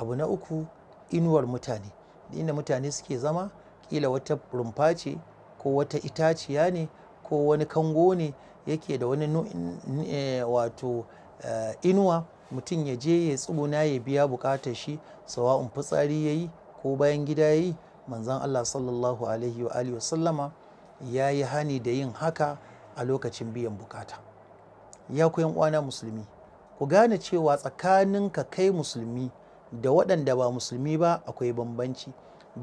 abu na uku inuwar mutane inda mutane suke zama kila wata rumfa ce ko wata itaciya ne ko wani kango ne yake da wani eh, wato eh, inuwa mutum ya je ya tsuguna ya biya bukatar shi sawa'un fitsari ya yi ko bayan gida ya yi manzan Allah sallallahu alaihi wa sallama ya yi hani da yin haka a lokacin biyan bukata ya ku uwana musulmi ku gane cewa tsakanin ka kai musulmi da waɗanda ba musulmi ba akwai bambanci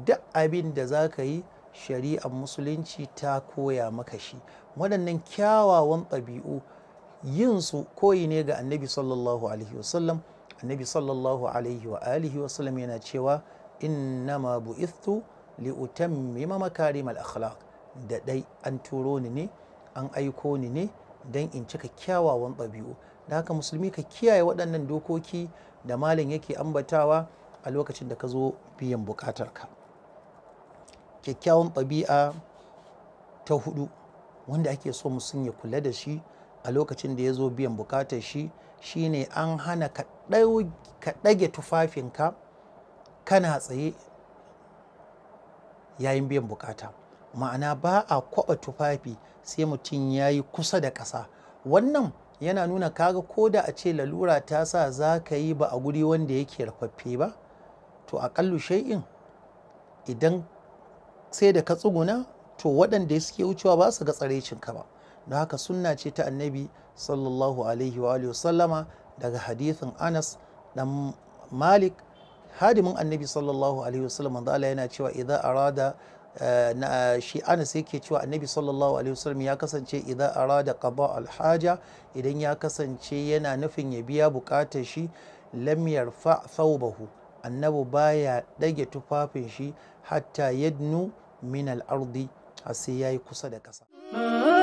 duk abin da za ka yi shari'ar musulunci ta koya maka shi waɗannan kyawawan ɗabi'u yin su koyi ne ga annabi sallallahu alaihi wasallam annabi sallallahu alaihi wa alihi wasallam yana cewa innama bu'ithu li utammima makarimal akhlaq da dai an turo ni ne an aiko ni ne dan in cika kyawawan ɗabi'u da haka musulmi ka kiyaye waɗannan dokoki da malin yake ambatawa a lokacin da ka zo biyan bukatarka kyakkyawan ɗabi'a ta hudu wanda ake so musulmi ya kula da shi a lokacin da ya zo biyan bukatar shi shine an hana ka ɗage tufafinka kana tsaye yayin biyan bukata ma'ana ba a kwaɓa tufafi sai mutum ya yi kusa da ƙasa wannan yana nuna kaga ko da a ce lalura ta sa za ka yi ba a guri wanda yake rafaffe ba to aƙallu shai'in idan sai da ka tsuguna to waɗanda suke wucewa ba su ga tsarecinka ba don haka sunna ce ta annabi sallallahu alaihi wa sallama daga hadithin anas dan malik hadimin annabi sallallahu alaihi wa sallam yana cewa idan arada shi eh, shi anas yake cewa annabi sallallahu alaihi wasallam ya kasance idza arada qada alhaja idan ya kasance yana nufin ya biya bukatar shi lam yarfa thawbahu annabi baya dage tufafin shi hatta yadnu min al-ardi har sai yayi kusa da kasa ah!